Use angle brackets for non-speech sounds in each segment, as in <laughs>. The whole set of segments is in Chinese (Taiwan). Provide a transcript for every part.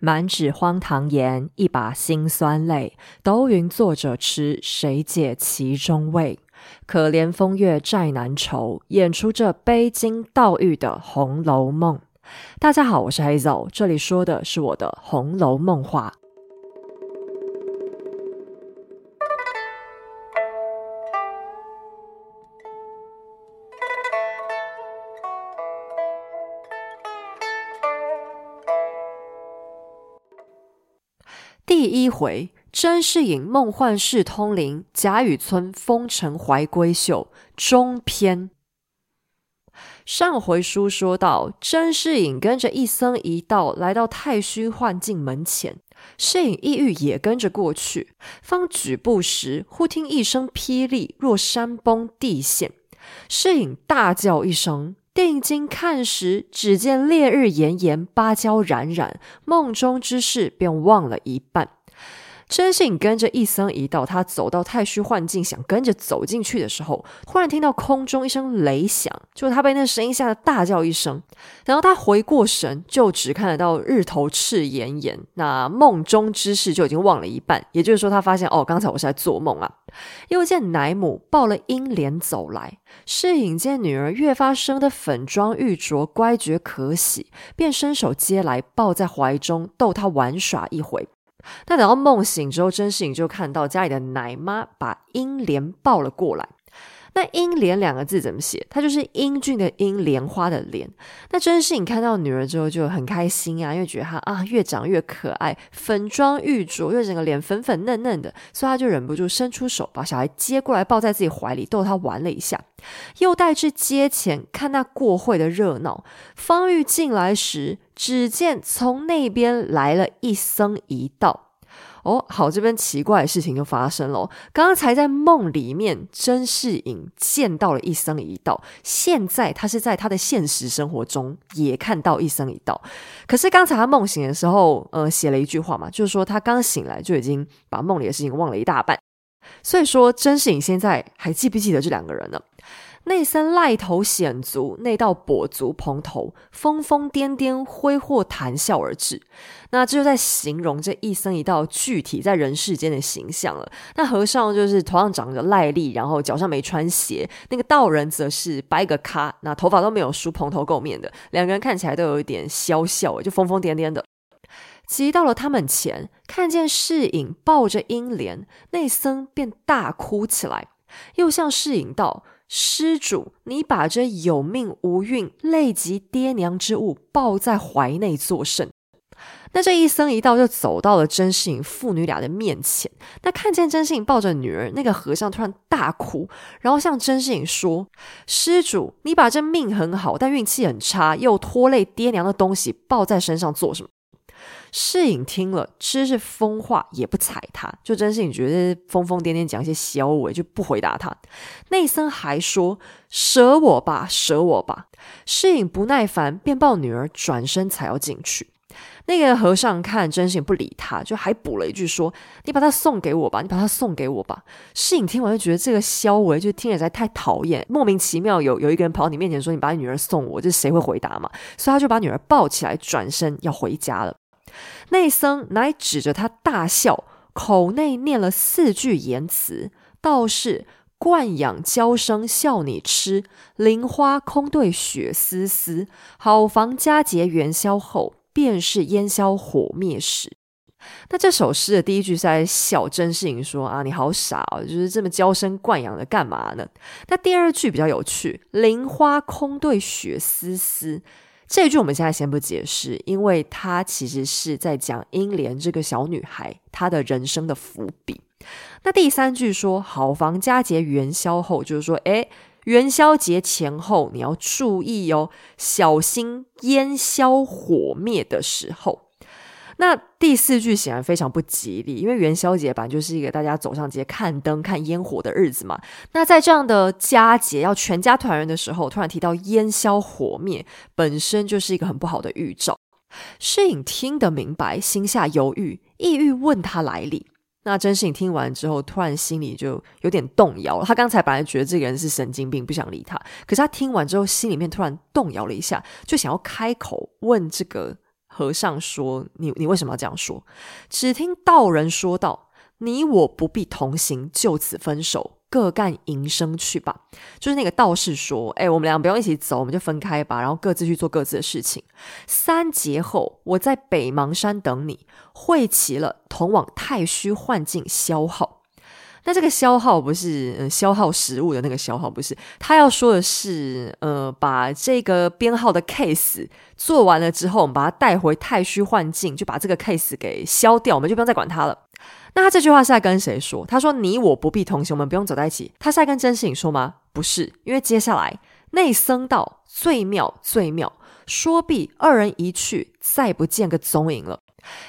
滿紙荒唐言，一把辛酸淚，都云作者痴，誰解其中味？可憐風月債難酬，演出這悲金悼玉的《紅樓夢》。大家好，我是 Hazel，這裡說的是我的《紅樓夢》話。回，甄士隱夢幻識通靈，賈雨村風塵懷閨秀。中篇。上回書說到，甄士隱跟着一僧一道來到太虛幻境門前，士隱意欲也跟着過去，方舉步時，忽聽一聲霹靂，若山崩地陷。士隱大叫一聲，定睛看時，只見烈日炎炎，芭蕉冉冉，夢中之事便忘了一半。甄士隱跟着一僧一道，他走到太虛幻境，想跟着走進去的時候，忽然聽到空中一聲雷響，就他被那聲音嚇得大叫一聲，然後他回過神，就只看得到日頭赤炎炎，那夢中之事就已經忘了一半。也就是說，他發現哦，剛才我是來做夢啊。又見奶母抱了英蓮走來，士隱見女兒越發生得粉妝玉琢，乖覺可喜，便伸手接來，抱在懷中，逗她玩耍一回。但等到夢醒之後，甄士隱就看到家裡的奶媽把英蓮抱了過來。那英蓮兩個字怎麼寫？它就是英俊的英，蓮花的蓮。那甄士隱看到女兒之後就很開心啊，因為覺得她啊越長越可愛，粉妝玉琢，又整個臉粉粉嫩嫩的，所以她就忍不住伸出手把小孩接過來抱在自己懷裡逗她玩了一下，又帶去街前看那過會的熱鬧。方欲進來時，只見從那邊來了一僧一道。哦，好，這邊奇怪的事情就發生了。剛才在夢裡面甄士隱見到了一僧一道，現在他是在他的現實生活中也看到一僧一道。可是剛才他夢醒的時候，呃，寫了一句話嘛，就是說他剛醒來就已經把夢裡的事情忘了一大半。所以說甄士隱現在還記不記得這兩個人呢？那僧癩頭跣足，那道跛足蓬頭，瘋瘋癲癲，揮霍談笑而至。那這就在形容這一僧一道具體在人世間的形象了。那和尚就是頭上長着癩痢，然後腳上沒穿鞋；那個道人則是掰個咖，那頭髮都沒有梳，蓬頭垢面的。兩個人看起來都有一點消笑，就瘋瘋癲癲的。騎到了他們前，看見士隱抱着英蓮，那僧便大哭起來，又向士隱道。施主，你把這有命無運、累及爹娘之物抱在懷內作甚？那這一僧一道就走到了甄士隱父女倆的面前。那看見甄士隱抱着女兒，那個和尚突然大哭，然後向甄士隱說：“施主，你把這命很好，但運氣很差，又拖累爹娘的東西抱在身上做什麼？”士隱聽了，知是瘋話，也不睬他。就甄士隱覺得瘋瘋癲癲,癲講一些削尾，就不回答他。那僧還說：“舍我吧，捨我吧。”士隱不耐煩，便抱女兒轉身，才要進去。那個和尚看甄士隱不理他，就還補了一句說：“你把她送給我吧，你把她送給我吧。”士隱聽完就覺得這個肖尾就聽起來太討厭，莫名其妙有有一個人跑到你面前說你把你女兒送我，這誰會回答嘛？所以他就把女兒抱起來，轉身要回家了。內僧乃指着他大笑，口內念了四句言辭，道是慣養嬌生笑你痴，菱花空對雪澌澌。好防佳節元宵後，便是煙消火滅時。”那這首詩的第一句是在笑甄士隱說：“啊，你好傻哦，就是這麼嬌生慣養的，干嘛呢？”那第二句比較有趣：“菱花空對雪澌澌。”這一句我們現在先不解釋，因為它其實是在講英蓮這個小女孩她的人生的伏筆。那第三句說“好防佳節元宵後”，就是說，誒、欸、元宵節前後你要注意哦，小心煙消火滅的時候。那第四句顯然非常不吉利，因為元宵節本來就是一個大家走上街看燈、看煙火的日子嘛。那在這樣的佳節要全家團圓的時候，突然提到煙消火滅，本身就是一個很不好的預兆。士隱聽得明白，心下猶豫，意欲問他來歷。那甄士隱聽完之後，突然心裡就有點動搖。他剛才本來覺得這個人是神經病，不想理他，可是他聽完之後，心裡面突然動搖了一下，就想要開口問這個。和尚說：“你你為什麼要這樣說？”只聽道人說道：“你我不必同行，就此分手，各幹營生去吧。”就是那個道士說：“哎，我們倆不用一起走，我們就分開吧，然後各自去做各自的事情。三劫後，我在北邙山等你，會齊了，同往太虛幻境消耗。”那這個消耗不是，嗯，消耗食物的那個消耗不是。他要說的是，呃，把這個編號的 case 做完了之後，我們把它帶回太虛幻境，就把這個 case 給消掉，我們就不用再管它了。那他這句話是在跟誰說？他說：“你我不必同行，我們不用走在一起。”他是在跟甄士隱說嗎？不是，因為接下來內僧道最妙最妙，說畢二人一去，再也不見個蹤影了。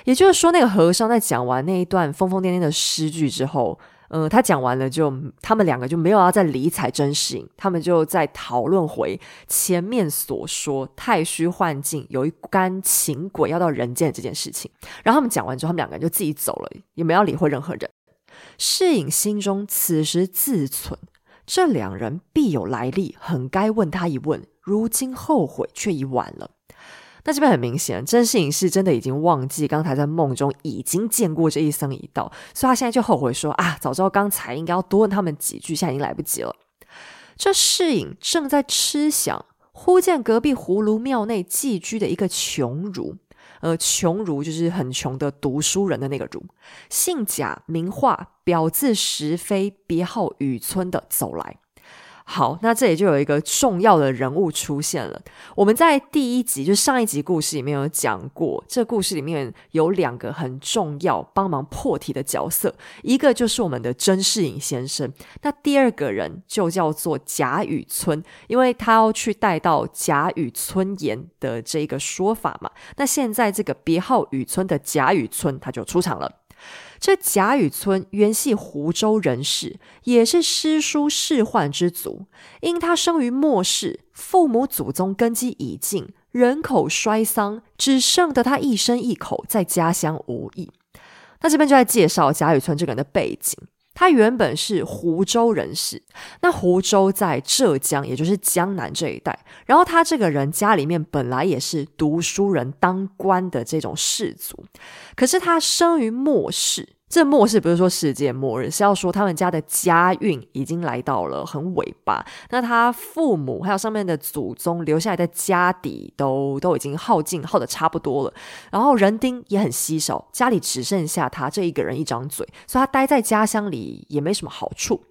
也就是說，那個和尚在講完那一段瘋瘋癲癲的詩句之後。嗯，他講完了就，他們兩個就沒有要再理睬甄士隱，他們就在討論回前面所說太虛幻境有一干情鬼要到人間這件事情。然後他們講完之後，他們兩個人就自己走了，也沒有理會任何人。世隱心中此時自忖，這兩人必有來歷，很該問他一問。如今後悔卻已晚了。那這邊很明顯，甄士隱是真的已經忘記剛才在夢中已經見過這一僧一道，所以他現在就後悔說啊，早知道剛才應該要多問他們幾句，現在已經來不及了。這士隱正在痴想，忽見隔壁葫蘆廟內寄居的一個窮儒，呃，窮儒就是很窮的讀書人的那個儒，姓賈，名化，表字時飛，別號雨村的走來。好，那這裡就有一個重要的人物出現了。我們在第一集，就上一集故事裡面有講過，這故事裡面有兩個很重要幫忙破題的角色，一個就是我們的甄士隱先生，那第二個人就叫做賈雨村，因為他要去帶到賈雨村言的這一個說法嘛。那現在這個別號雨村的賈雨村他就出場了。這賈雨村原系湖州人氏，也是詩書仕宦之族。因他生於末世，父母祖宗根基已盡，人口衰喪，只剩得他一身一口，在家鄉無益。那這邊就來介紹賈雨村這個人的背景。他原本是湖州人氏，那湖州在浙江，也就是江南這一帶。然後他這個人家裡面本來也是讀書人、當官的這種士族，可是他生於末世。這末世不是說世界末日，是要說他們家的家運已經來到了很尾巴。那他父母還有上面的祖宗留下來的家底都都已經耗盡，耗得差不多了。然後人丁也很稀少，家裡只剩下他這一個人一張嘴，所以他待在家鄉裡也沒什麼好處。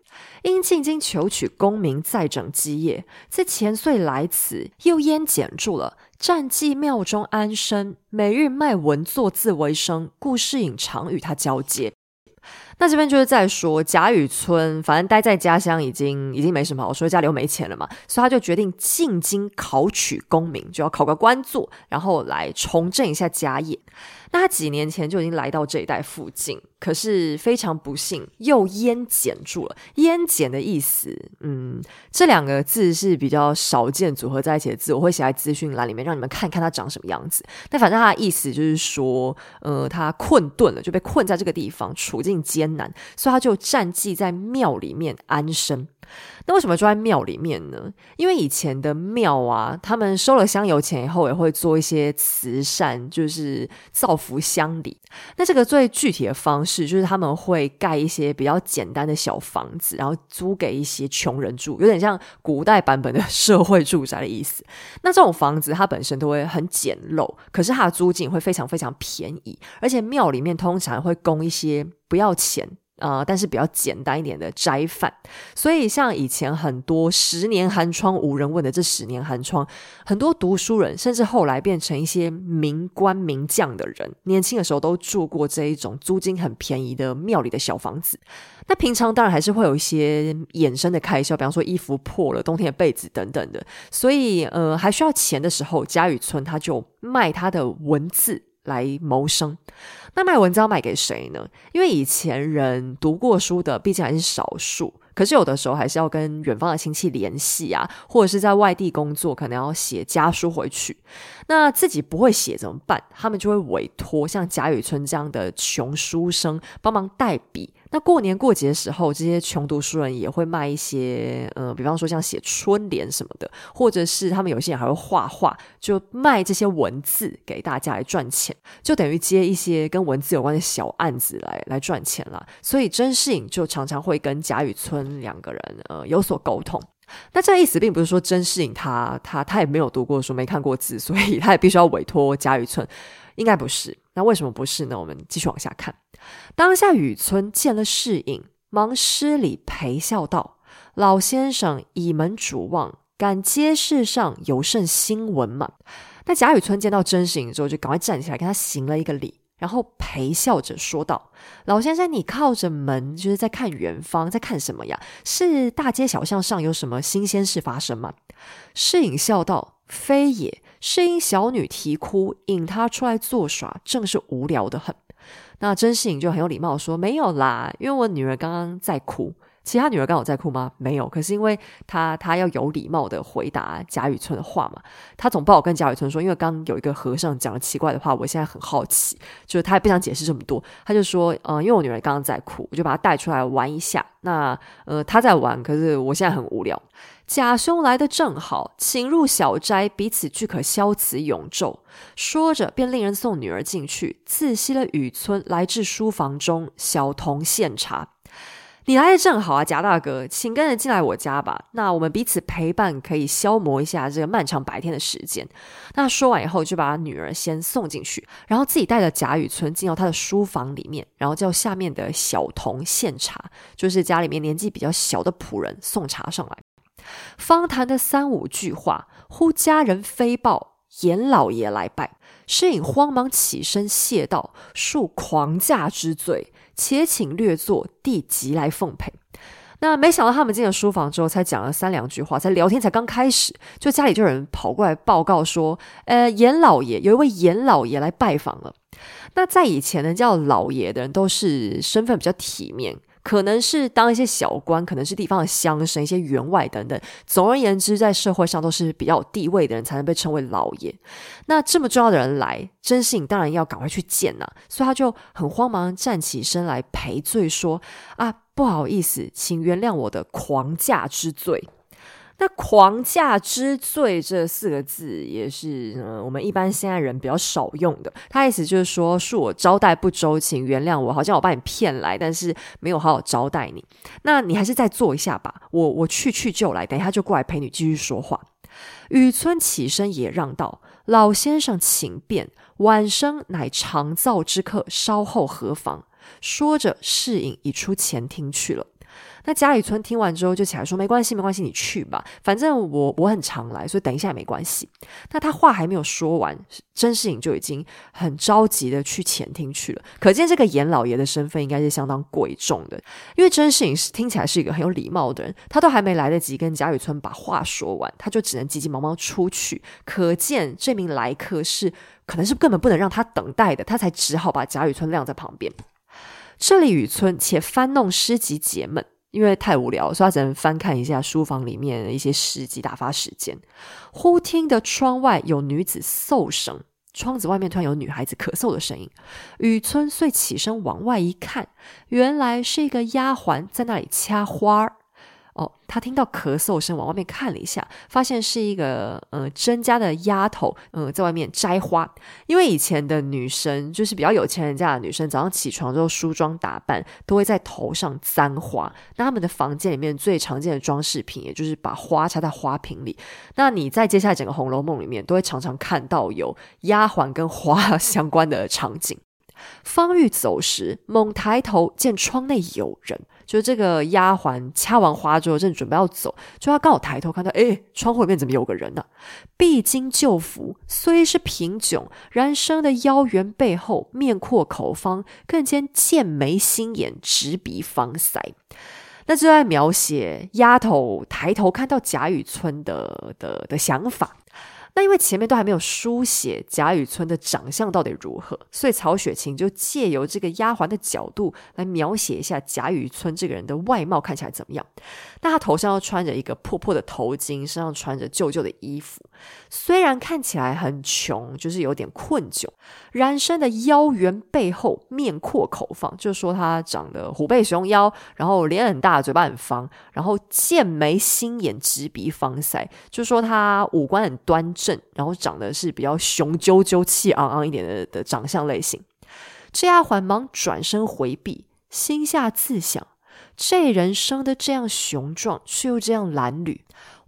因進京求取功名，再整基業。自前歲來此，又淹蹇住了。暫寄廟中安身，每日賣文作字為生，故士隱常與他交接。那這邊就是在說賈雨村，反正待在家鄉已經已經沒什麼好說，我說家裡又沒錢了嘛，所以他就決定進京考取功名，就要考個官做，然後來重振一下家業。那他幾年前就已經來到這一帶附近，可是非常不幸，又淹蹇住了。淹蹇的意思，嗯，這兩個字是比較少見組合在一起的字，我會寫在資訊欄裡面，讓你們看看他長什麼樣子。但反正他的意思就是說，呃，他困頓了，就被困在這個地方，處境艱難，所以他就暫寄在廟裡面安身。那為什麼住在廟裡面呢？因為以前的廟啊，他們收了香油錢以後，也會做一些慈善，就是造福鄉里。那這個最具體的方式，就是他們會蓋一些比較簡單的小房子，然後租給一些窮人住，有點像古代版本的社會住宅的意思。那這種房子它本身都會很簡陋，可是它的租金會非常非常便宜，而且廟裡面通常會供一些不要錢。啊，但是比較簡單一點的齋飯，所以像以前很多十年寒窗無人問的這十年寒窗，很多讀書人甚至後來變成一些名官名將的人，年輕的時候都住過這一種租金很便宜的廟裡的小房子。那平常當然還是會有一些衍生的開銷，比方說衣服破了、冬天的被子等等的。所以，呃，還需要錢的時候，賈雨村他就賣他的文字。來謀生，那賣文章賣給誰呢？因為以前人讀過書的畢竟還是少數，可是有的時候還是要跟遠方的親戚聯繫啊，或者是在外地工作，可能要寫家書回去。那自己不會寫怎麼辦？他們就會委託像賈雨村這樣的窮書生幫忙代筆。那過年過節的時候，這些窮讀書人也會賣一些，呃，比方說像寫春聯什麼的，或者是他們有些人還會畫畫，就賣這些文字給大家來賺錢，就等於接一些跟文字有關的小案子來來賺錢啦。所以甄士隱就常常會跟賈雨村兩個人呃有所溝通。那這樣意思並不是說甄士隱他他他也沒有讀過書，沒看過字，所以他也必須要委託賈雨村，應該不是。那為什麼不是呢？我們繼續往下看。當下雨村見了士隱，忙施禮陪笑道：“老先生倚門佇望，敢是街市上有甚新聞嘛？”那賈雨村見到甄士隱之後，就趕快站起來跟他行了一個禮。然後陪笑着說道：“老先生，你靠着門，就是在看遠方，在看什麼呀？是大街小巷上有什麼新鮮事發生嗎？”士隱笑道：“非也，是因小女啼哭，引她出來作耍，正是無聊的很。”那甄士隱就很有禮貌說：“沒有啦，因為我女兒剛剛在哭。”其實他女兒剛好在哭嗎？沒有，可是因為她她要有禮貌的回答賈雨村的話嘛，她總不好跟賈雨村說，因為剛剛有一個和尚講了奇怪的話，我現在很好奇，就是她也不想解釋這麼多，她就說，嗯、呃，因為我女兒剛剛在哭，我就把她帶出來玩一下。那呃，她在玩，可是我現在很無聊。賈兄來得正好，請入小齋，彼此俱可消此永晝。說着，便令人送女兒進去，自息了雨村來至書房中，小童獻茶。你來得正好啊，賈大哥，請跟着進來我家吧。那我們彼此陪伴，可以消磨一下這個漫長白天的時間。那說完以後，就把女兒先送進去，然後自己帶着賈雨村進到他的書房裡面，然後叫下面的小童獻茶，就是家裡面年紀比較小的僕人送茶上來。方談的三五句話，呼家人飛報嚴老爺來拜，士隱慌忙起身謝道：“恕誑駕之罪。”且請略坐，弟即來奉陪。那沒想到他們進了書房之後，才講了三兩句話，才聊天才剛開始，就家裡就有人跑過來報告說：“呃，嚴老爺有一位嚴老爺來拜訪了。”那在以前呢，叫老爺的人都是身份比較體面。可能是當一些小官，可能是地方的鄉紳、一些員外等等。總而言之，在社會上都是比較有地位的人，才能被稱為老爺。那這麼重要的人來，甄士隱當然要趕快去見吶、啊，所以他就很慌忙站起身來賠罪，說：“啊，不好意思，請原諒我的誑駕之罪。”那「狂駕之罪」這四個字也是、呃、我們一般現在人比較少用的。他意思就是說，恕我招待不周情，請原諒我，好像我把你騙來，但是沒有好好招待你。那你還是再坐一下吧，我我去去就來，等一下就過來陪你繼續說話。雨村起身也讓道，老先生請便，晚生乃長造之客，稍後何妨？說着，侍應已出前廳去了。那賈雨村聽完之後就起來說：“沒關係，沒關係，你去吧，反正我我很常來，所以等一下也沒關係。”那他話還沒有說完，甄士隱就已經很着急地去前廳去了。可見這個嚴老爺的身份應該是相當貴重的，因為甄士隱是聽起來是一個很有禮貌的人，他都還沒來得及跟賈雨村把話說完，他就只能急急忙忙出去。可見這名來客是可能是根本不能讓他等待的，他才只好把賈雨村晾在旁邊。這裡，雨村且翻弄詩集解悶，因為太無聊，所以他只能翻看一下書房裡面的一些詩集打發時間。忽聽得窗外有女子嗽聲，窗子外面突然有女孩子咳嗽的聲音。雨村遂起身往外一看，原來是一個丫鬟在那裡掐花兒。哦，他聽到咳嗽聲，往外面看了一下，發現是一個呃甄家的丫頭，嗯、呃，在外面摘花。因為以前的女生，就是比較有錢人家的女生，早上起床之後梳妝打扮，都會在頭上簪花。那他們的房間裡面最常見的裝飾品，也就是把花插在花瓶裡。那你在接下來整個《紅樓夢》裡面，都會常常看到有丫鬟、跟花相關的場景。 <laughs> 方欲走時，猛抬頭見窗內有人，就是這個丫鬟。掐完花之後，正準備要走，就他剛好抬頭看到，誒，窗戶裡面怎麼有個人呢？啊。敝巾舊服，雖是貧窘，然生的腰圓背厚，面闊口方，更兼劍眉星眼，直鼻方腮。那就在描寫，丫頭抬頭看到賈雨村的的的想法。但因為前面都還沒有書寫賈雨村的長相到底如何，所以曹雪芹就借由這個丫鬟的角度來描寫一下賈雨村這個人的外貌看起來怎麼樣。那他頭上又穿着一個破破的頭巾，身上穿着舊舊的衣服，雖然看起來很窮，就是有點困窘。人身的腰圓，背後面闊口方，就是、說他長得虎背熊腰，然後臉很大，嘴巴很方，然後劍眉星眼，直鼻方腮，就是、說他五官很端正，然後長得是比較雄赳赳、氣昂昂一點的的長相類型。這丫鬟忙轉身回避，心下自想。這人生的這樣雄壯，卻又這樣襤褸。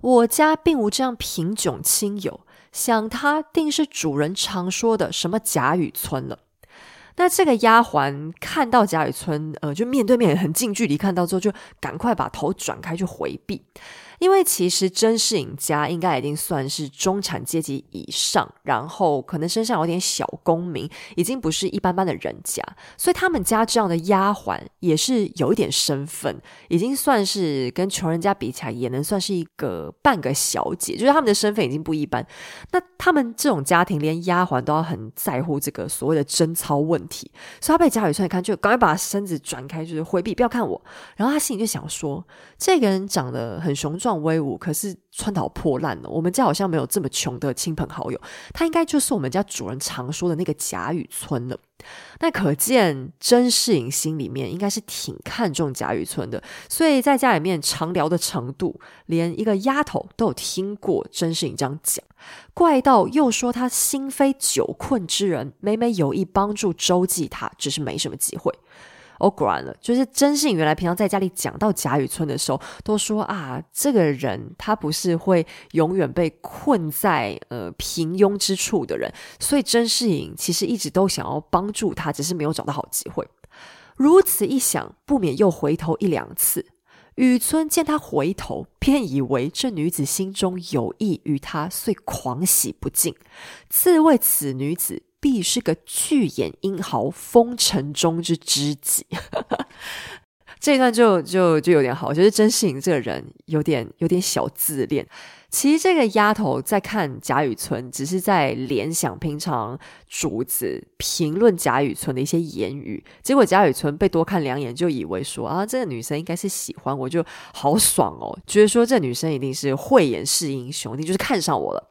我家並無這樣貧窘親友，想他定是主人常說的什麼賈雨村了。那這個丫鬟看到賈雨村，呃，就面對面很近距離看到之後，就趕快把頭轉開去回避。因為其實甄士隱家應該已經算是中產階級以上，然後可能身上有點小功名，已經不是一般般的人家，所以他們家這樣的丫鬟，也是有一點身份，已經算是跟窮人家比起來，也能算是一個半個小姐，就是他們的身份已經不一般。那他們這種家庭，連丫鬟都要很在乎這個所謂的貞操問題，所以他被賈雨村看，就趕快把身子轉開，就是回避，不要看我。然後他心裡就想說，這個人長得很雄壯。威武，可是穿到破爛了哦。我們家好像沒有這麼窮的親朋好友，他應該就是我們家主人常說的那個賈雨村了。那可見甄士隱心裡面應該是挺看重賈雨村的，所以在家裡面常聊的程度，連一個丫頭都有聽過甄士隱這樣講。怪道又說他心非久困之人，每每有意幫助周濟他，只是沒什麼機會。哦，oh, 果然了。就是甄士隱原來平常在家裡講到賈雨村的時候，都說啊，這個人他不是會永遠被困在呃平庸之處的人，所以甄士隱其實一直都想要幫助他，只是沒有找到好機會。如此一想，不免又回頭一兩次。雨村見他回頭，便以為這女子心中有意於他，遂狂喜不盡，自謂此女子，必是個巨眼英豪，風塵中之知己。 <laughs> 這一段就就就有點好，我覺得甄士隱這個人有點有點小自戀。其實這個丫頭在看賈雨村，只是在聯想平常主子評論賈雨村的一些言語。結果賈雨村被多看兩眼，就以為說啊，這個女生應該是喜歡我，就好爽哦！覺得說這女生一定是慧眼識英雄，一定就是看上我了。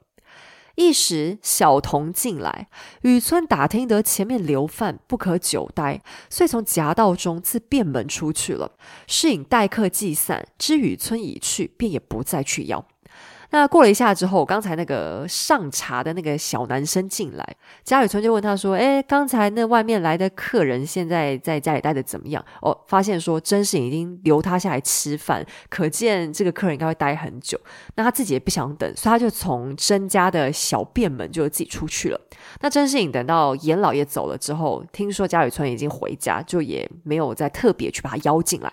一時，小童進來，雨村打聽得前面留飯，不可久待，遂從夾道中自便門出去了。士隱待客既散，知雨村已去，便也不再去邀。那過了一下之後，剛才那個上茶的那個小男生進來，賈雨村就問他說：“哎，剛才那外面來的客人現在在家裡待的怎麼樣？”哦，發現說甄士隱已經留他下來吃飯，可見這個客人應該會待很久。那他自己也不想等，所以他就從甄家的小便門就自己出去了。那甄士隱等到嚴老爺走了之後，聽說賈雨村已經回家，就也沒有再特別去把他邀進來。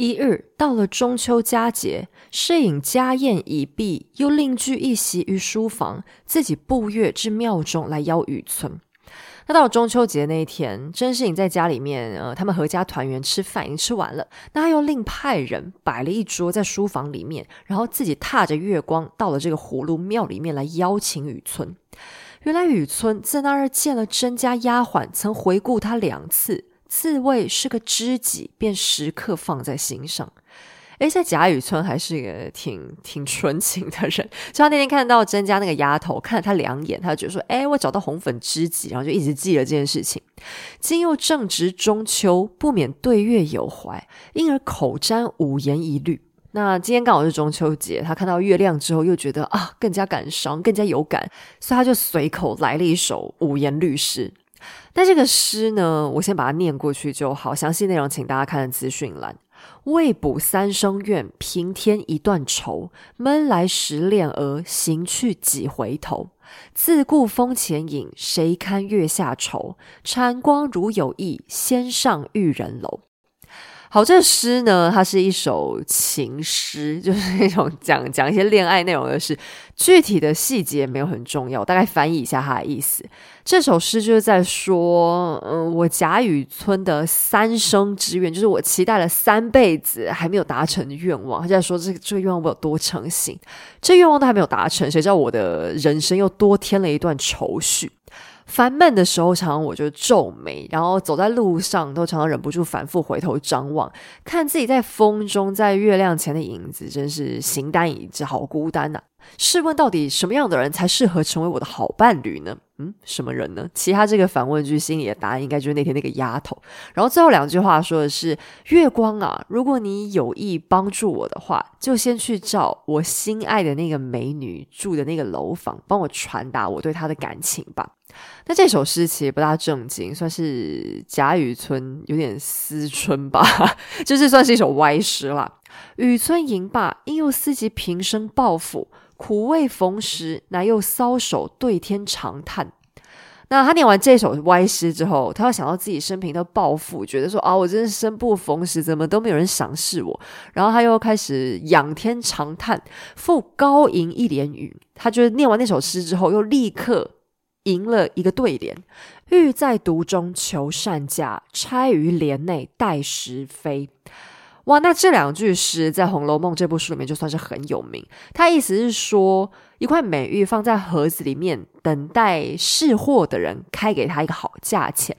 一日到了中秋佳節，士隱家宴已畢，又另具一席於書房，自己步月至廟中來邀雨村。那到了中秋節那一天，甄士隱在家裡面，呃，他們闔家團圓吃飯，已經吃完了。那他又另派人擺了一桌在書房裡面，然後自己踏着月光到了這個葫蘆廟裡面來邀請雨村。原來雨村在那兒見了甄家丫鬟，曾回顧他兩次，自謂是個知己，便時刻放在心上。誒，在賈雨村還是一個挺挺純情的人。就他那天看到甄家那個丫頭看了他兩眼，他就覺得說：“誒，我找到紅粉知己。”然後就一直記了這件事情。今又正值中秋，不免對月有懷，因而口占五言一律。那今天剛好是中秋節，他看到月亮之後，又覺得啊，更加感傷，更加有感，所以他就隨口來了一首五言律詩。那這個詩呢，我先把它念過去就好，詳細內容請大家看的資訊欄。未卜三生願，平添一段愁。悶來時斂額，行去幾回頭。自顧風前影，誰堪月下儔？蟾光如有意，先上玉人樓。好，這個、詩呢，它是一首情詩，就是那種講講一些戀愛內容的詩。具體的細節沒有很重要，大概翻譯一下它的意思。這首詩就是在說，嗯，我賈雨村的三生之願，就是我期待了三輩子還沒有達成的願望，他在說這個這個願望我有多誠心，這個、願望都還沒有達成，誰知道我的人生又多添了一段愁緒。煩悶的時候，常常我就皺眉，然後走在路上都常常忍不住反覆回頭張望，看自己在風中、在月亮前的影子，真是形單影只，好孤單吶、啊！試問，到底什麼樣的人才適合成為我的好伴侶呢？嗯，什麼人呢？其他這個反問句，心裡的答案應該就是那天那個丫頭。然後最後兩句話說的是：月光啊，如果你有意幫助我的話，就先去照我心愛的那個美女住的那個樓房，幫我傳達我對她的感情吧。那這首詩其實不大正經，算是賈雨村有點思春吧， <laughs> 就是算是一首歪詩啦。雨村吟罷，因又思及平生抱負，苦未逢時，乃又搔首對天長嘆。那他念完這首歪詩之後，他要想到自己生平的抱負，覺得說啊，我真是生不逢時，怎麼都沒有人賞識我。然後他又開始仰天長嘆，復高吟一聯語。他覺得念完那首詩之後，又立刻。贏了一個對聯，玉在匵中求善價，釵於奁內待時飛。哇，那這兩句詩在《紅樓夢》這部書裡面就算是很有名。他意思是說，一塊美玉放在盒子裡面，等待識貨的人開給他一個好價錢；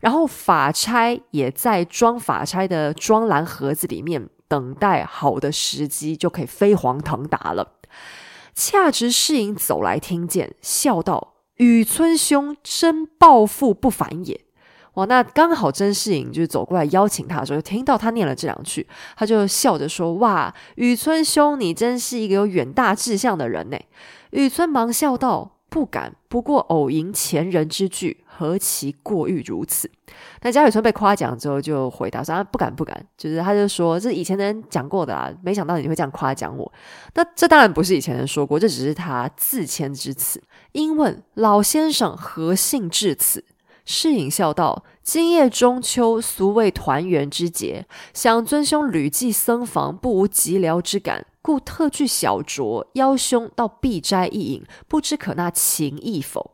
然後髮釵也在裝髮釵的妝奩盒子裡面，等待好的時機就可以飛黃騰達了。恰值士隱走來，聽見，笑道。雨村兄，真抱負不凡也。哇，那剛好甄士隱就是走過來邀請他的時候，就聽到他念了這兩句，他就笑着說：“哇，雨村兄，你真是一個有遠大志向的人呢。”雨村忙笑道。不敢，不過偶吟前人之句，何其過譽如此？那賈雨村被誇獎之後就回答說：“不敢，不敢，就是他就說這以前的人講過的啊，沒想到你就會這樣誇獎我。那這當然不是以前人說過，這只是他自謙之詞。因問老先生何幸至此？士隱笑道：今夜中秋，俗為團圓之節，想尊兄旅寄僧森房，不無寂寥之感。”故特具小酌，邀兄到敝齋一飲，不知可納芹意否？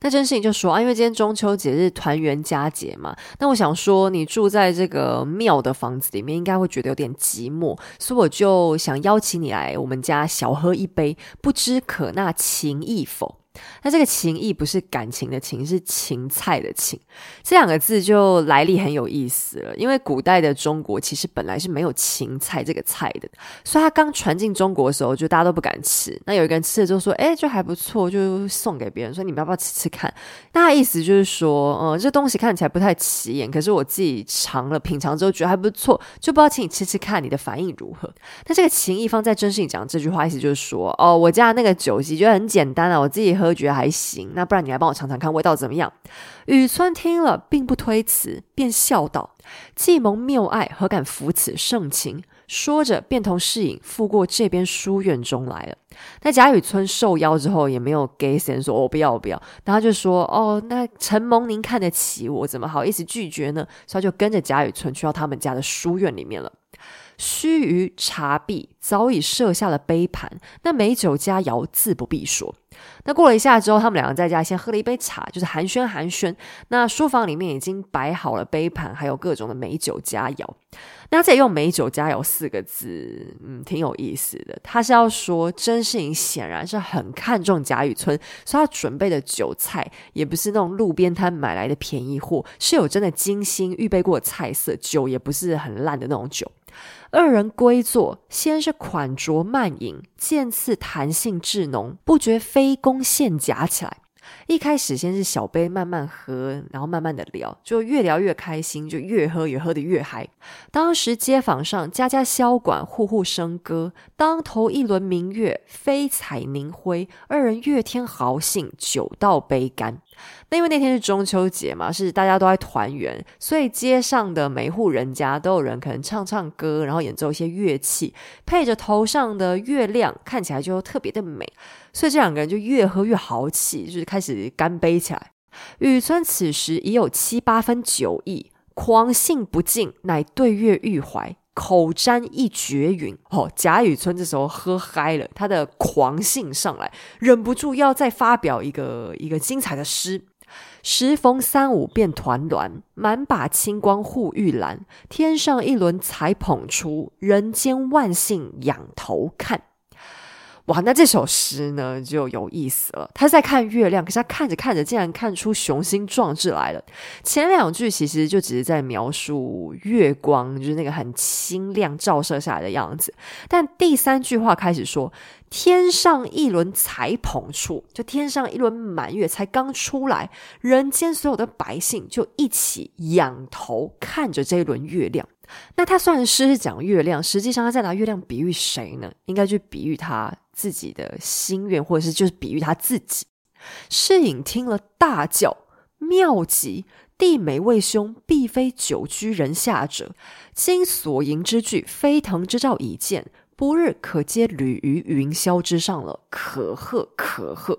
那甄士隱就說啊，因為今天中秋節日團圓佳節嘛，那我想說，你住在這個廟的房子裡面，應該會覺得有點寂寞，所以我就想邀請你來我們家小喝一杯，不知可納芹意否？那這個芹意不是感情的情，是芹菜的芹。這兩個字就來歷很有意思了。因為古代的中國其實本來是沒有芹菜這個菜的，所以它剛傳進中國的時候，就大家都不敢吃。那有一個人吃了之後說：“哎，就還不錯，就送給別人說你們要不要吃吃看。”那他的意思就是說，嗯，這東西看起來不太起眼，可是我自己嘗了品嘗之後覺得還不錯，就不知道請你吃吃看，你的反應如何？那這個芹意放在甄士隱講這句話意思就是說，哦，我家那個酒席就很簡單啊，我自己喝。我覺得還行，那不然你來幫我嘗嘗看味道怎麼樣？雨村聽了，並不推辭，便笑道：“既蒙謬愛，何敢拂此盛情？”說着，便同士隱赴過這邊書院中來了。那賈雨村受邀之後，也沒有給先說我不要我不要，那他就說：“哦，那承蒙您看得起我，怎麼好意思拒絕呢？”所以就跟着賈雨村去到他們家的書院裡面了。須臾，茶畢，早已設下了杯盤。那美酒佳肴自不必說。那過了一下之後，他們兩個在家先喝了一杯茶，就是寒暄寒暄。那書房裡面已經擺好了杯盤，還有各種的美酒佳肴。那這裡用“美酒佳肴”四個字，嗯，挺有意思的。他是要說甄士隱顯然是很看重賈雨村，所以他準備的酒菜也不是那種路邊攤買來的便宜貨，是有真的精心預備過的菜色，酒也不是很爛的那種酒。二人歸坐，先是款酌慢飲，漸次談興至濃，不覺飛觥限斝起來。一開始先是小杯慢慢喝，然後慢慢的聊，就越聊越開心，就越喝越喝的越嗨。當時街坊上家家簫管，戶戶笙歌，當頭一輪明月，飛彩凝輝，二人癒添豪興，酒到杯乾。那因為那天是中秋節嘛，是大家都在團圓，所以街上的每戶人家都有人可能唱唱歌，然後演奏一些樂器，配着頭上的月亮，看起來就特別的美。所以這兩個人就越喝越豪氣，就是開始乾杯起來。雨村此時已有七八分酒意，狂興不禁，乃對月寓懷，口占一絕云，哦，賈雨村這時候喝嗨了，他的狂性上來，忍不住要再發表一個一個精彩的詩。時逢三五便團欒，滿把晴光護玉欄。天上一輪才捧出，人間萬姓仰頭看。哇，那這首詩呢就有意思了。他在看月亮，可是他看着看着，竟然看出雄心壯志來了。前兩句其實就只是在描述月光，就是那個很清亮照射下來的樣子。但第三句話開始說：“天上一輪才捧出，就天上一輪滿月才剛出來，人間所有的百姓就一起仰頭看着這一輪月亮。”那他雖然詩是講月亮，實際上他在拿月亮比喻誰呢？應該去比喻他。自己的心願，或者是就是比喻他自己。士隱聽了，大叫：“妙極！弟每謂兄，必非久居人下者。今所吟之句，飛騰之兆已見，不日可接履於雲霄之上了。可賀，可賀！”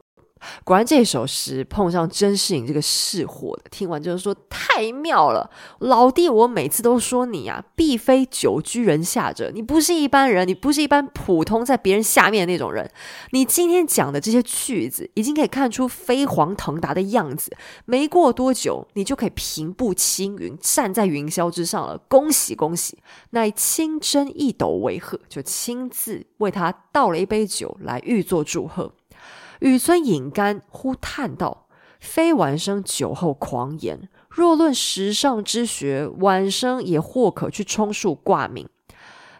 果然，這首詩碰上甄士隱這個識貨的，聽完就是說太妙了，老弟，我每次都說你啊，必非久居人下者，你不是一般人，你不是一般普通在別人下面的那種人，你今天講的這些句子，已經可以看出飛黃騰達的樣子。沒過多久，你就可以平步青雲，站在雲霄之上了，恭喜恭喜！乃親斟一斗為賀，就親自為他倒了一杯酒來，預作祝賀。雨村飲乾，忽嘆道：“非晚生酒後狂言，若論時尚之學，晚生也或可去充數掛名。”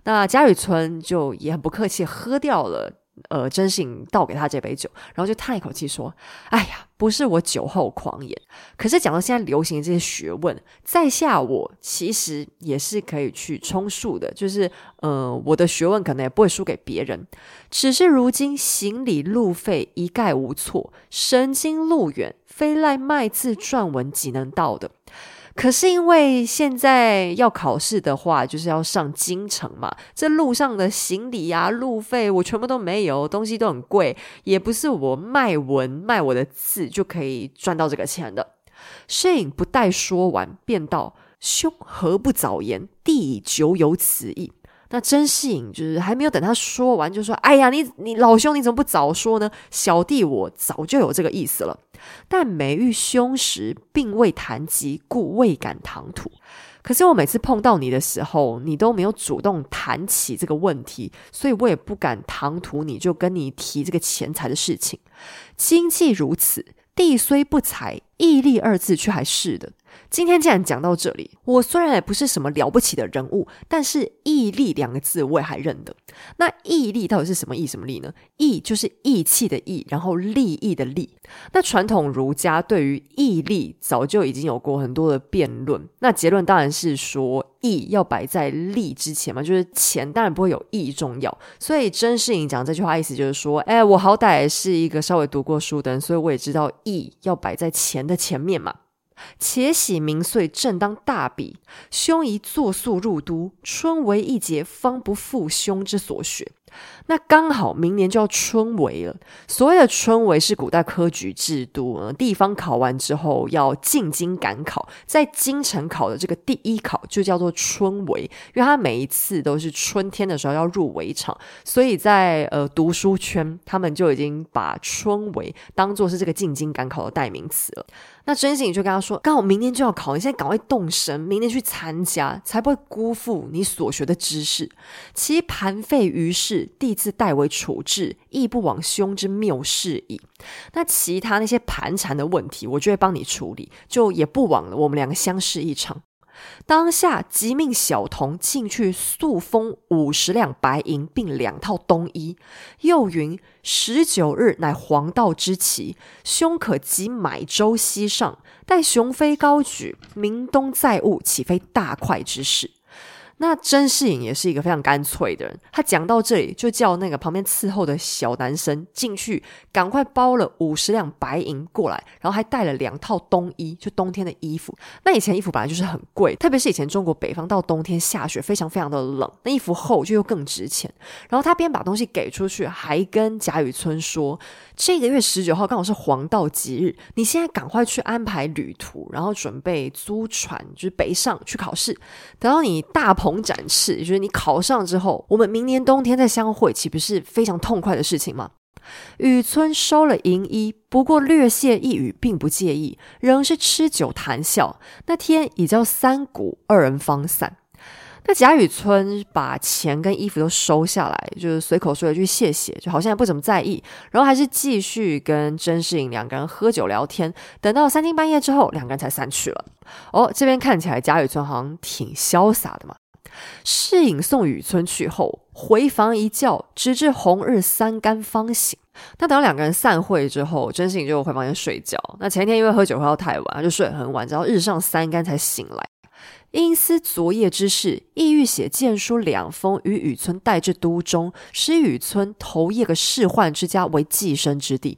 那賈雨村就也很不客氣，喝掉了。呃，甄士隱倒給他這杯酒，然後就嘆一口氣說：“哎呀，不是我酒後狂言，可是講到現在流行的這些學問，在下我其實也是可以去充數的。就是，呃，我的學問可能也不會輸給別人，只是如今行李路費一概無措，神經路遠，非賴賣字撰文即能到的。”可是因為現在要考試的話，就是要上京城嘛。這路上的行李啊，路費我全部都沒有，東西都很貴，也不是我賣文賣我的字就可以賺到這個錢的。士隱不待說完，便道：“兄何不早言？弟久有此意。”那甄士隱就是還沒有等他說完，就說：“哎呀，你你老兄你怎麼不早說呢？小弟我早就有這個意思了。”但每遇兄時，並未談及，故未敢唐突。可是我每次碰到你的時候，你都沒有主動談起這個問題，所以我也不敢唐突，你就跟你提這個錢財的事情。今既如此，地雖不才，義利二字卻還是的。今天既然講到這裡，我雖然也不是什麼了不起的人物，但是“義利”兩個字我也還認得。那“義利”到底是什麼“義”什麼“利”呢？“義”就是義氣的“義”，然後利益的“利”。那傳統儒家對於“義利”早就已經有過很多的辯論。那結論當然是說“義”要擺在“利”之前嘛，就是錢當然不會有“義”重要。所以甄士隱講這句話意思就是說：“哎，我好歹是一個稍微讀過書的人，所以我也知道‘義’要擺在錢的前面嘛。”且喜明歲正當大比，兄宜作速入都，春闈一節，方不負兄之所學。那剛好明年就要春闈了。所謂的春闈是古代科舉制度，地方考完之後要進京趕考，在京城考的這個第一考就叫做春闈，因為它每一次都是春天的時候要入圍場，所以在呃讀書圈，他們就已經把春闈當做是這個進京趕考的代名詞了。那甄士隱你就跟他說，剛好明年就要考，你現在趕快動身，明年去參加，才不會辜負你所學的知識。其盤費餘事，弟自代為處置，亦不枉兄之謬識矣。那其他那些盤纏的問題，我就會幫你處理，就也不枉了我們兩個相識一場。當下即命小童進去速封五十兩白銀，並兩套冬衣。又云：十九日乃黃道之期，兄可即買舟西上。待雄飛高舉，明冬再晤，豈非大快之事？那甄士隱也是一個非常乾脆的人，他講到這裡就叫那個旁邊伺候的小男生進去，趕快包了五十兩白銀過來，然後還帶了兩套冬衣，就冬天的衣服。那以前衣服本來就是很貴，特別是以前中國北方到冬天下雪非常非常的冷，那衣服厚就又更值錢。然後他邊把東西給出去，還跟賈雨村說。這個月十九號剛好是黃道吉日，你現在趕快去安排旅途，然後準備租船，就是北上去考試。等到你大鵬展翅，也就是你考上之後，我們明年冬天再相會，豈不是非常痛快的事情嗎？雨村收了銀衣，不過略謝一語，並不介意，仍是吃酒談笑。那天已交三鼓，二人方散。那賈雨村把錢跟衣服都收下來，就是隨口說了句謝謝，就好像也不怎麼在意，然後還是繼續跟甄士隱兩個人喝酒聊天。等到三更半夜之後，兩個人才散去了。哦，這邊看起來賈雨村好像挺瀟灑的嘛。士隱送雨村去後，回房一覺，直至紅日三竿方醒。那等到兩個人散會之後，甄士隱就回房間睡覺。那前一天因為喝酒喝到太晚，他就睡得很晚，直到日上三竿才醒來。因思昨夜之事，意欲寫薦書兩封與雨村，帶至都中，使雨村投一個仕宦之家為寄身之地。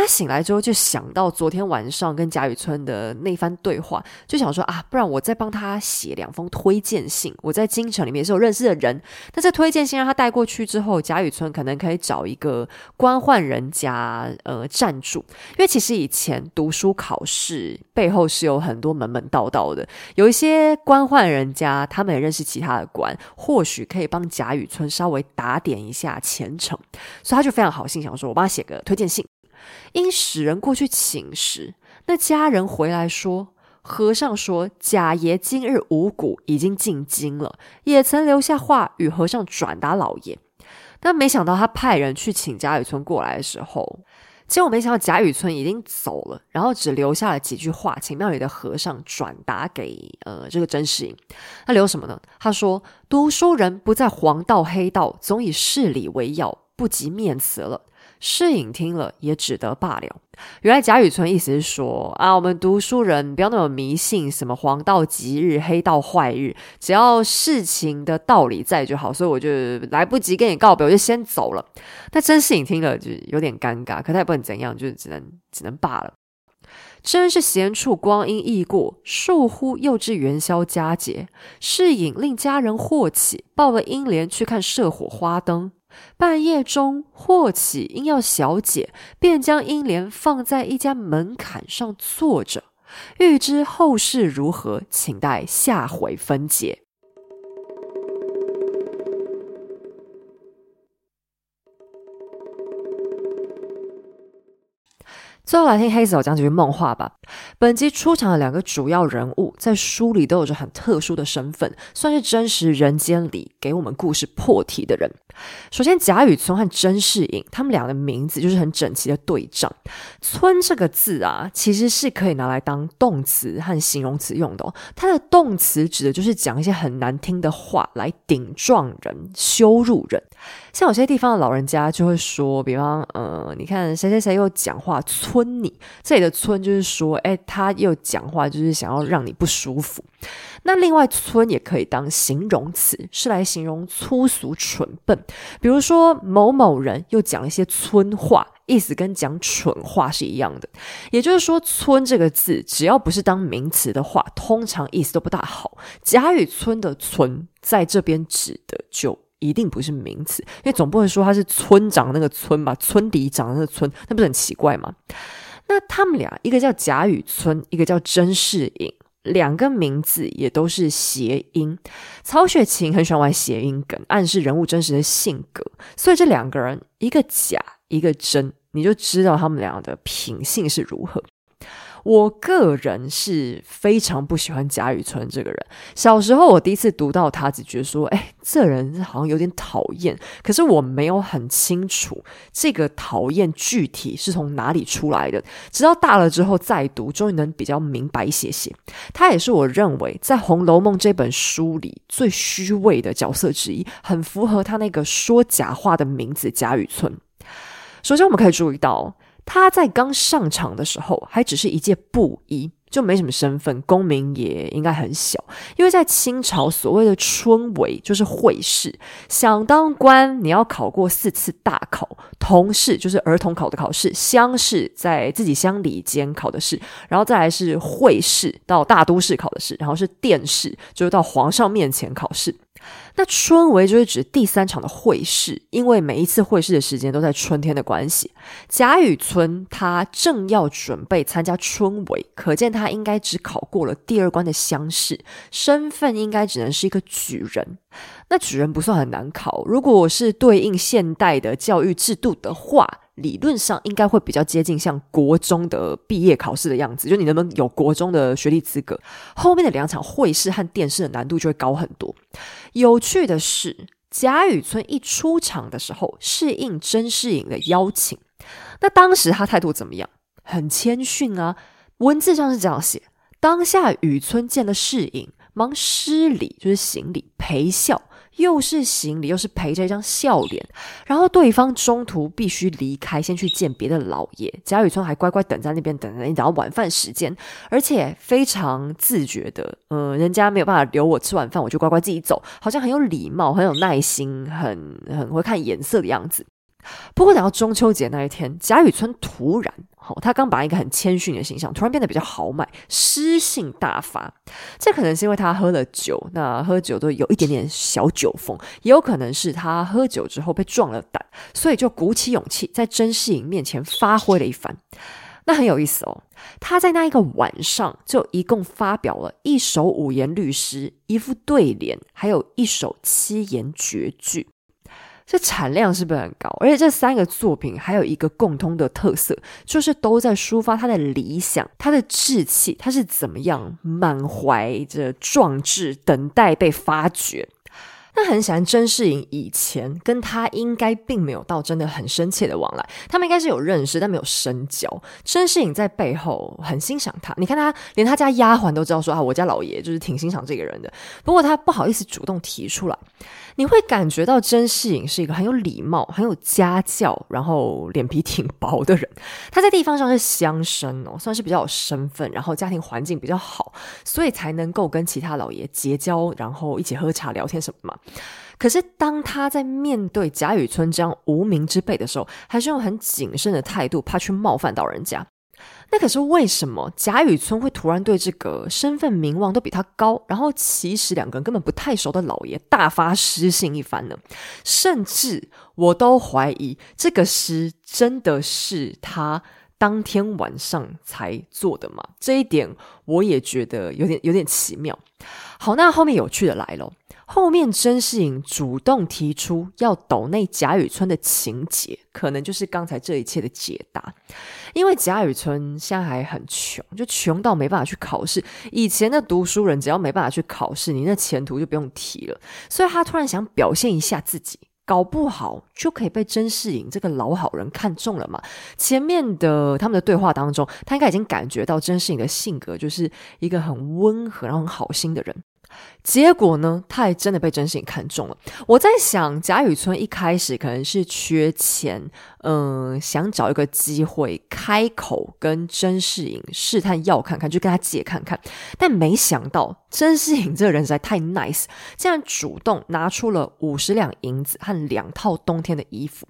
他醒來之後，就想到昨天晚上跟賈雨村的那番對話，就想說啊，不然我再幫他寫兩封推薦信。我在京城裡面是有認識的人，那這推薦信讓他帶過去之後，賈雨村可能可以找一個官宦人家呃暫住，因為其實以前讀書考試背後是有很多門門道道的，有一些官宦人家，他們也認識其他的官，或許可以幫賈雨村稍微打點一下前程，所以他就非常好心想說，我幫他寫個推薦信。因使人過去請時，那家人回來說：“和尚說賈爺今日五鼓已經進京了，也曾留下話與和尚轉達老爺。”但沒想到他派人去請賈雨村過來的時候，結果沒想到賈雨村已經走了，然後只留下了幾句話，請廟裡的和尚轉達給呃這個甄士隱。他留什麼呢？他說：“讀書人不在黃道黑道，總以事理為要，不及面辭了。”士隱聽了也只得罷了。原來賈雨村意思是說啊，我們讀書人不要那麼迷信，什麼黃道吉日、黑道壞日，只要事情的道理在就好。所以我就來不及跟你告別，我就先走了。但甄士隱聽了就有點尷尬，可他也不能怎樣，就只能只能罷了。真是閒處光陰易過，倏忽又至元宵佳節。士隱令家人霍啟，抱了英蓮去看社火花燈。半夜中，霍啟因要小解，便將英蓮放在一家門檻上坐着欲知後事如何，請待下回分解。最後來聽 Hazel 我講幾句夢話吧。本集出場的兩個主要人物，在書裡都有着很特殊的身份，算是真實人間裡給我們故事破題的人。首先，賈雨村和甄士隱，他們倆的名字就是很整齊的對仗。村這個字啊，其實是可以拿來當動詞和形容詞用的哦。它的動詞指的就是講一些很難聽的話來頂撞人、羞辱人。像有些地方的老人家就會說，比方呃，你看誰誰誰又講話村。村，你這裡的“村”就是說，哎，他又講話，就是想要讓你不舒服。那另外“村”也可以當形容詞，是來形容粗俗、蠢笨。比如說某某人又講一些村話，意思跟講蠢話是一樣的。也就是說，“村”這個字，只要不是當名詞的話，通常意思都不大好。賈雨村的“村”在這邊指的就，一定不是名詞，因為總不能說他是村長那個村吧，村里長那個村，那不是很奇怪嗎？那他們倆，一個叫賈雨村，一個叫甄士隱，兩個名字也都是諧音。曹雪芹很喜歡玩諧音梗，暗示人物真實的性格，所以這兩個人，一個假，一個真，你就知道他們倆的品性是如何。我個人是非常不喜歡賈雨村這個人。小時候我第一次讀到他，只覺得說，哎，這人好像有點討厭。可是我沒有很清楚這個討厭具體是從哪裡出來的。直到大了之後再讀，終於能比較明白一些些。他也是我認為在《紅樓夢》這本書裡最虛偽的角色之一，很符合他那個說假話的名字賈雨村。首先，我們可以注意到，他在剛上場的時候，還只是一介布衣，就沒什麼身份，功名也應該很小。因為在清朝，所謂的春闈就是會試，想當官，你要考過四次大考：童試就是兒童考的考試，鄉試在自己鄉里間考的試，然後再來是會試到大都市考的試，然後是殿試，就是到皇上面前考試。那春闈就是指第三場的會試，因為每一次會試的時間都在春天的關係。賈雨村他正要準備參加春闈，可見他應該只考過了第二關的鄉試，身份應該只能是一個舉人。那舉人不算很難考，如果是對應現代的教育制度的話。理論上應該會比較接近像國中的畢業考試的樣子，就你能不能有國中的學歷資格。後面的兩場會試和殿試的難度就會高很多。有趣的是，賈雨村一出場的時候是應甄士隱的邀請，那當時他態度怎麼樣？很謙遜啊。文字上是這樣寫，當下雨村見了士隱，忙施禮，就是行禮陪笑。又是行禮，又是陪着一張笑臉，然後對方中途必須離開，先去見別的老爺。賈雨村還乖乖等在那邊，等着邊，等到晚飯時間，而且非常自覺的，嗯、呃，人家沒有辦法留我吃晚飯，我就乖乖自己走，好像很有禮貌，很有耐心，很很會看顏色的樣子。不過，等到中秋節那一天，賈雨村突然，好、哦，他剛把一個很謙遜的形象，突然變得比較豪邁，詩性大發。這可能是因為他喝了酒，那喝酒都有一點點小酒瘋，也有可能是他喝酒之後被壯了膽，所以就鼓起勇氣在甄士隱面前發揮了一番。那很有意思哦。他在那一個晚上，就一共發表了一首五言律詩，一副對聯，還有一首七言絕句。這產量是不是很高？而且這三個作品還有一個共通的特色，就是都在抒發他的理想、他的志氣，他是怎麼樣滿懷着壯志，等待被發掘。他很喜歡甄士隱，以前跟他應該並沒有到真的很深切的往來，他們應該是有認識，但沒有深交。甄士隱在背後很欣賞他，你看他連他家丫鬟，都知道說啊，我家老爺就是挺欣賞這個人的。不過他不好意思主動提出來，你會感覺到甄士隱是一個很有禮貌、很有家教，然後臉皮挺薄的人。他在地方上是鄉紳哦，算是比較有身份，然後家庭環境比較好，所以才能夠跟其他老爺結交，然後一起喝茶聊天什麼嘛。可是，當他在面對賈雨村這樣無名之輩的時候，還是用很謹慎的態度，怕去冒犯到人家。那可是為什麼賈雨村會突然對這個身份名望都比他高，然後其實兩個人根本不太熟的老爺大發詩興一番呢？甚至我都懷疑這個詩真的是他當天晚上才做的嗎？這一點我也覺得有點有點奇妙。好，那後面有趣的來了。後面甄士隱主動提出要抖內賈雨村的情節，可能就是剛才這一切的解答。因為賈雨村現在還很窮，就窮到沒辦法去考試。以前的讀書人只要沒辦法去考試，你那前途就不用提了。所以他突然想表現一下自己，搞不好就可以被甄士隱這個老好人看中了嘛。前面的他們的對話當中，他應該已經感覺到甄士隱的性格就是一個很溫和然後很好心的人。結果呢，他還真的被甄士隱看中了。我在想，賈雨村一開始可能是缺錢，嗯、呃，想找一個機會開口跟甄士隱試探，要看看，就跟他借看看。但沒想到甄士隱這個人實在太 nice，竟然主動拿出了五十兩銀子和兩套冬天的衣服。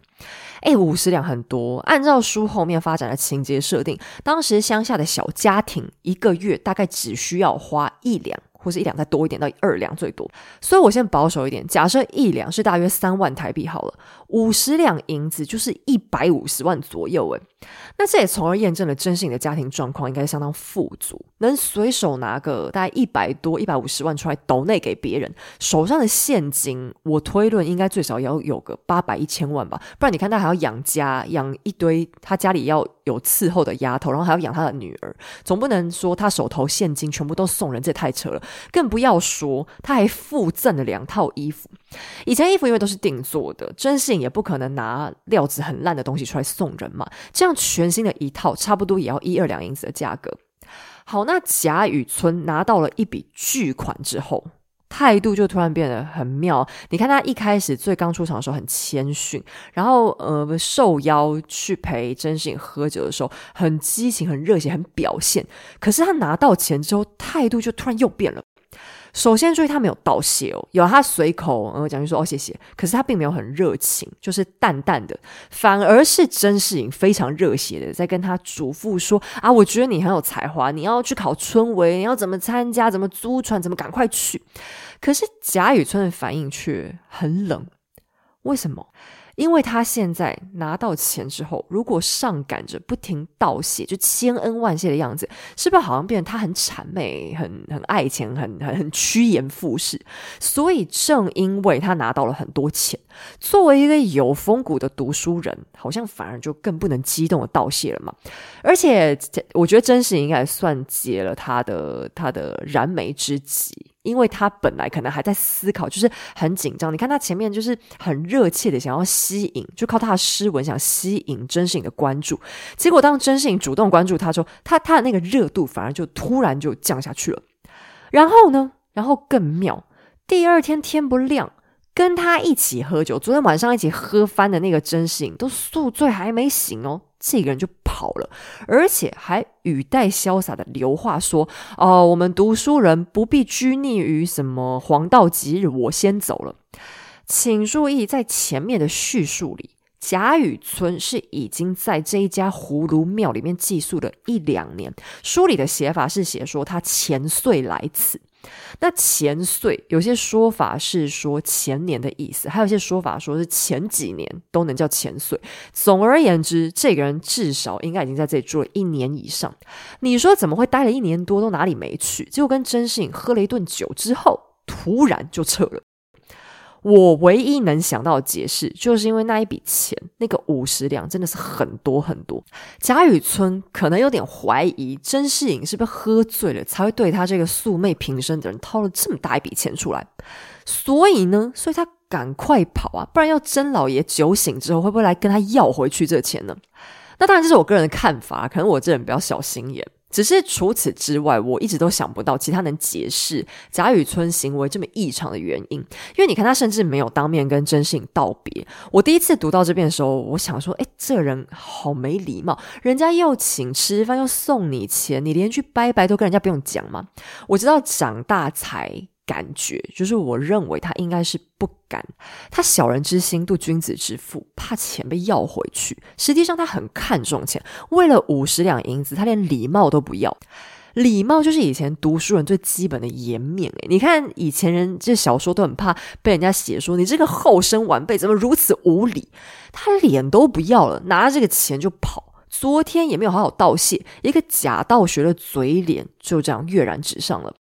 哎，五十兩很多，按照書後面發展的情節設定，當時鄉下的小家庭一個月大概只需要花一兩。或是一兩再多一點到二兩最多，所以我先保守一點，假設一兩是大約三萬台幣好了，五十兩銀子就是一百五十萬左右。哎，那這也從而驗證了甄士隱的家庭狀況應該相當富足，能隨手拿個大概一百多一百五十萬出來抖內給別人，手上的現金我推論應該最少要有個八百一千萬吧。不然你看他還要養家養一堆，他家裡要有伺候的丫頭，然後還要養他的女兒，總不能說他手頭現金全部都送人，這也太扯了。更不要說，他還附贈了兩套衣服。以前衣服因為都是定做的，甄士隱也不可能拿料子很爛的東西出來送人嘛。這樣全新的一套，差不多也要一二兩銀子的價格。好，那賈雨村拿到了一筆巨款之後，態度就突然變得很妙。你看他一開始最剛出場的時候很謙遜，然後呃受邀去陪甄士隱喝酒的時候很激情、很熱血、很表現。可是他拿到錢之後，態度就突然又變了。首先注意，他沒有道謝哦，有他隨口呃、嗯、講句說哦謝謝，可是他並沒有很熱情，就是淡淡的，反而是甄士隱非常熱血的在跟他囑咐說啊，我覺得你很有才華，你要去考春闈，你要怎麼參加，怎麼租船，怎麼趕快去。可是賈雨村的反應卻很冷，為什麼？因為他現在拿到錢之後，如果上趕着不停道謝，就千恩萬謝的樣子，是不是好像變得他很諂媚、很很愛錢、很很很趨炎附勢？所以正因為他拿到了很多錢，作為一個有風骨的讀書人，好像反而就更不能激動地道謝了嘛。而且我覺得甄士隱應該算解了他的他的燃眉之急。因為他本來可能還在思考，就是很緊張。你看他前面就是很熱切的想要吸引，就靠他的詩文想吸引甄士隱的關注，結果當甄士隱主動關注他之後，他他的那個熱度反而就突然就降下去了。然後呢，然後更妙，第二天天不亮，跟他一起喝酒、昨天晚上一起喝翻的那個甄士隱都宿醉還沒醒哦，這個人就跑了，而且還語帶瀟灑的留話說：“哦、呃，我們讀書人不必拘泥於什麼黃道吉日，我先走了。”請注意，在前面的敘述裡，賈雨村是已經在這一家葫蘆廟裡面寄宿了一兩年。書裡的寫法是寫說他前歲來此。那前歲有些說法是說前年的意思，還有些說法說是前幾年都能叫前歲。總而言之，這個人至少應該已經在這裡住了一年以上。你說怎麼會待了一年多都哪裡沒去？結果跟甄士隱喝了一頓酒之後，突然就撤了。我唯一能想到的解釋，就是因為那一筆錢，那個五十兩真的是很多很多。賈雨村可能有點懷疑甄士隱是不是喝醉了，才會對他這個素昧平生的人掏了這麼大一筆錢出來。所以呢，所以他趕快跑啊，不然要甄老爺酒醒之後會不會來跟他要回去這錢呢？那當然這是我個人的看法，可能我這人比較小心眼。只是除此之外，我一直都想不到其他能解釋賈雨村行為這麼異常的原因。因為你看，他甚至沒有當面跟甄士隱道別。我第一次讀到這邊的時候，我想說：哎、欸，這人好沒禮貌！人家又請吃飯，又送你錢，你連句拜拜都跟人家不用講嗎？我直到長大才。感覺就是，我認為他應該是不敢，他小人之心度君子之腹，怕錢被要回去。實際上，他很看重錢，為了五十兩銀子，他連禮貌都不要。禮貌就是以前讀書人最基本的顏面。誒，你看以前人，這小說都很怕被人家寫說你這個後生晚輩怎麼如此無禮，他臉都不要了，拿着這個錢就跑。昨天也沒有好好道謝，一個假道學的嘴臉就這樣躍然紙上了。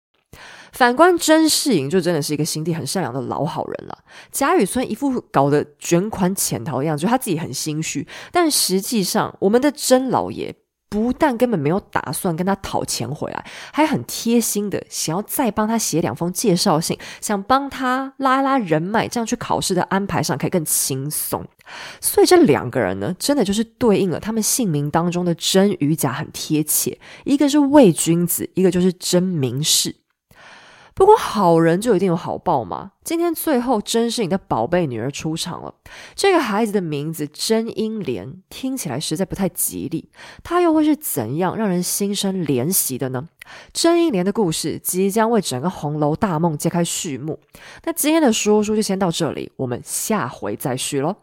反觀甄士隱，就真的是一個心地很善良的老好人了。賈雨村一副搞得捲款潛逃一樣，就他自己很心虛。但實際上，我們的甄老爺不但根本沒有打算跟他討錢回來，還很貼心的想要再幫他寫兩封介紹信，想幫他拉一拉人脈，這樣去考試的安排上可以更輕鬆。所以這兩個人呢，真的就是對應了他們姓名當中的“真”與“假”很貼切，一個是偽君子，一個就是真名士。不過好人就一定有好報嗎？今天最後，甄士隱的寶貝女兒出場了。這個孩子的名字甄英蓮，聽起來實在不太吉利。她又會是怎樣讓人心生憐惜的呢？甄英蓮的故事即將為整個紅樓大夢揭開序幕。那今天的說書就先到這裡，我們下回再續嘍。